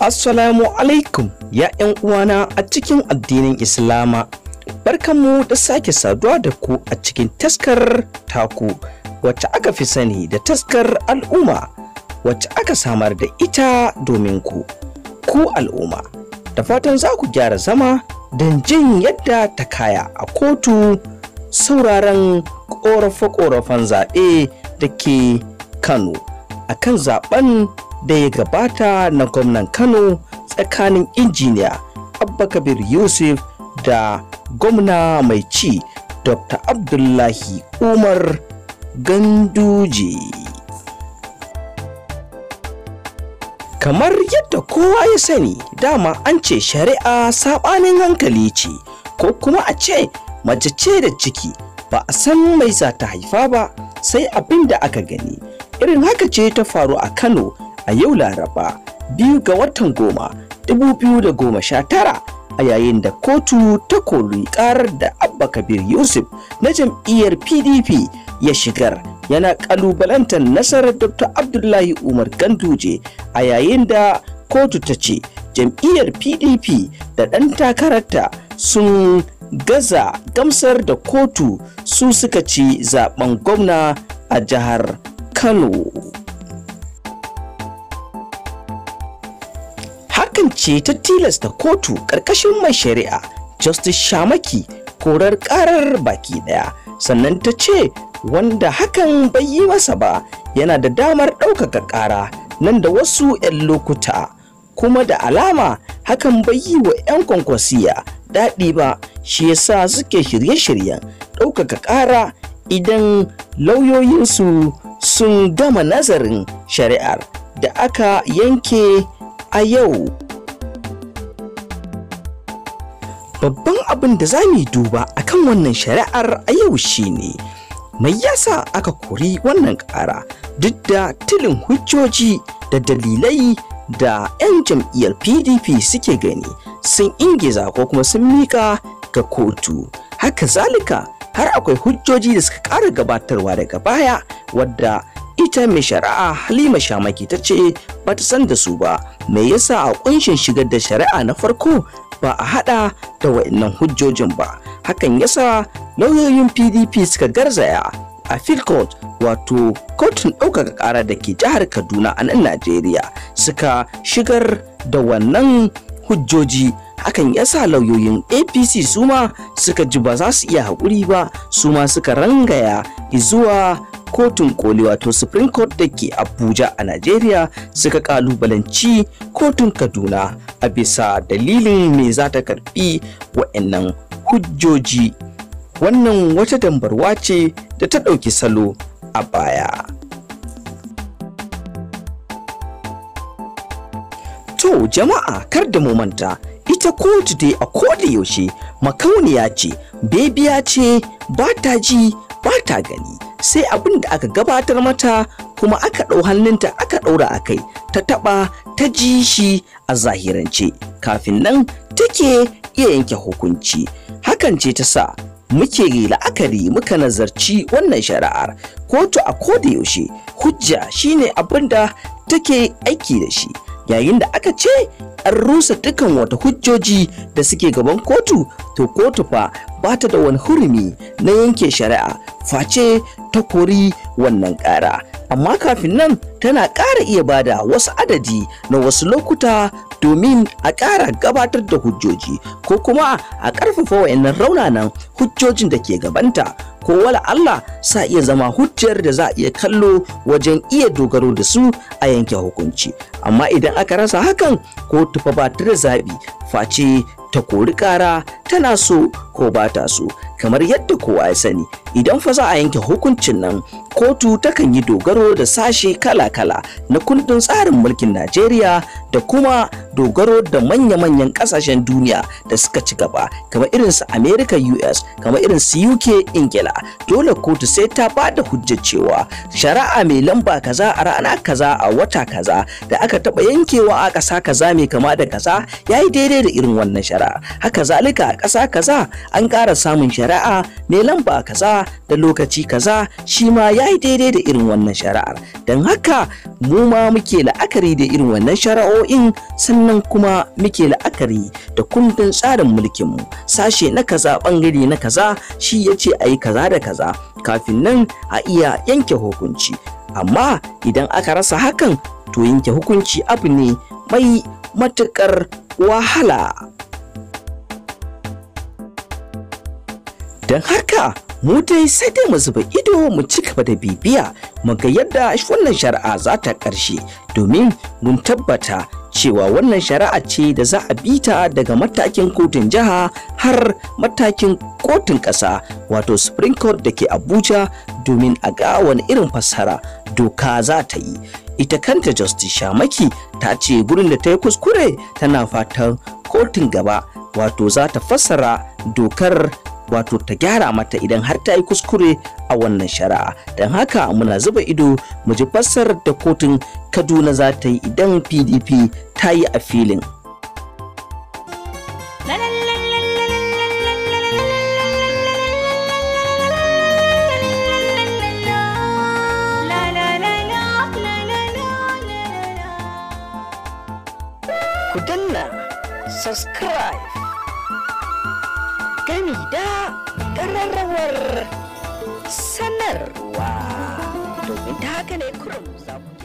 Assalamu alaikum ya ‘yan uwana a cikin addinin Islama. Barkanmu da sake saduwa da ku a cikin taskar taku wacce aka fi sani da taskar al'umma wacce aka samar da ita domin ku, ku al'umma. Da fatan za ku gyara zama don jin yadda ta kaya a kotu sauraron ƙorafe-ƙorafen zaɓe da ke Kano a kan zaɓen da ya gabata na gwamnan Kano tsakanin injiniya Abba Kabir Yusuf da gwamna mai ci Dr. Abdullahi Umar Ganduje. Kamar yadda kowa ya sani dama an ce shari'a saɓanin hankali ce ko kuma a ce mace ce da ciki ba a san mai za ta haifa ba sai abin da aka gani. Irin haka ce ta faru a Kano a yau laraba biyu ga watan goma goma sha tara, a yayin da kotu ta koli karar da abba kabir yusuf na jam'iyyar pdp ya shigar yana kalubalantar nasarar dr abdullahi umar ganduje a yayin da kotu ta ce jam'iyyar pdp da ɗan takararta sun gaza gamsar da kotu su suka ci zaben gwamna a jihar kano hakan ta tilasta kotu ƙarƙashin mai shari'a justice shamaki korar ƙarar baki ɗaya, sannan ta ce wanda hakan bai yi masa ba yana da damar ɗaukaka ƙara nan da wasu 'yan lokuta kuma da alama hakan bai yi wa 'yan kwankwasiya daɗi ba shi yasa suke shirye-shiryen ɗaukaka ƙara idan lauyoyinsu sun gama nazarin shari'ar da aka yanke a yau. babban abin da za mu duba akan wannan shari'ar a yau shine mai yasa aka kori wannan ƙara duk da tilin hujjoji da dalilai da 'yan jam'iyyar pdp suke gani sun ingiza ko kuma sun mika ga kotu haka zalika har akwai hujjoji da suka ƙara gabatarwa daga baya wadda ita mai shari'a halima shamaki ta ce ba ta san da su ba me yasa a kunshin shigar da shari'a na farko ba a hada da wa'annan hujjojin ba hakan yasa lauyoyin pdp suka garzaya a field court wato kotun ɗaukaka ƙara da ke jihar kaduna a nan najeriya suka shigar da wannan hujjoji hakan yasa lauyoyin apc suma suka ji ba za su iya haƙuri ba suma suka rangaya zuwa kotun koli wato supreme court da ke abuja a najeriya suka kalubalanci kotun kaduna a bisa dalilin me za ta karbi wa'annan hujjoji wannan wata dambarwa ce da ta ɗauki salo a baya to jama'a kar da mu manta ita kotu dai a koda yaushe makauniya ce bebiya ce ba ta ji ba ta gani sai abin da aka gabatar mata kuma aka ɗau hannunta aka ɗaura a kai ta taɓa ta ji shi a zahirance kafin nan take iya yanke hukunci hakan ce ta sa muke la'akari muka nazarci wannan shari'ar kotu a koda yaushe hujja shine abin da take aiki da shi yayin da aka ce an rusa dukan wata hujjoji da suke gaban kotu to kotu fa ba ta da wani hurumi na yanke shari'a face ta kori wannan ƙara amma kafin nan tana ƙara iya bada wasu adadi na wasu lokuta domin a ƙara gabatar da hujjoji ko kuma a ƙarfafa wayannan raunanan hujjojin da ke gabanta ko wala Allah sa iya zama hujjar da za a iya kallo wajen iya dogaro da su a yanke hukunci amma idan aka rasa hakan ko tufa ba ta da zaɓi face ta kori ƙara tana so ko ba ta so kamar yadda kowa ya sani idan fa za a yanke hukuncin nan kotu takan yi dogaro da sashe kala-kala na kundin tsarin mulkin najeriya da kuma dogaro da manya-manyan kasashen duniya da suka ci gaba kamar irin su america us kamar irin su uk ingila dole kotu sai ta ba da hujjar cewa shari'a mai lamba kaza a rana kaza a wata kaza da aka taba yankewa a ƙasa kaza mai kama da kaza ya yi daidai da irin wannan shari'a haka zalika a ƙasa kaza an ƙara samun shari'a shari'a mai lamba kaza da lokaci kaza shi ma ya yi daidai da irin wannan shari'ar don haka mu ma muke la'akari da irin wannan shari'o'in sannan kuma muke la'akari da kundin tsarin mulkinmu sashe na kaza bangare na kaza shi ya ce a yi kaza da kaza kafin nan a iya yanke hukunci amma idan aka rasa hakan to yanke hukunci abu ne mai matuƙar wahala don haka mu dai sai dai mu zuba ido mu ci gaba da bibiya mu ga yadda wannan shari'a za ta ƙarshe domin mun tabbata cewa wannan shari'a ce da za a bi ta daga matakin kotun jiha har matakin kotun ƙasa wato supreme court da ke abuja domin a ga wani irin fassara doka za ta yi ita kanta justice shamaki ta ce gurin da ta yi kuskure tana fatan kotun gaba wato za ta fassara dokar wato ta gyara mata idan har ta yi kuskure a wannan shari'a don haka muna zuba ido mu ji fassarar da kotun kaduna za ta yi idan pdp ta yi a filin subscribe gami da ƙararrawar sanarwa domin ta haka ne kurum zaku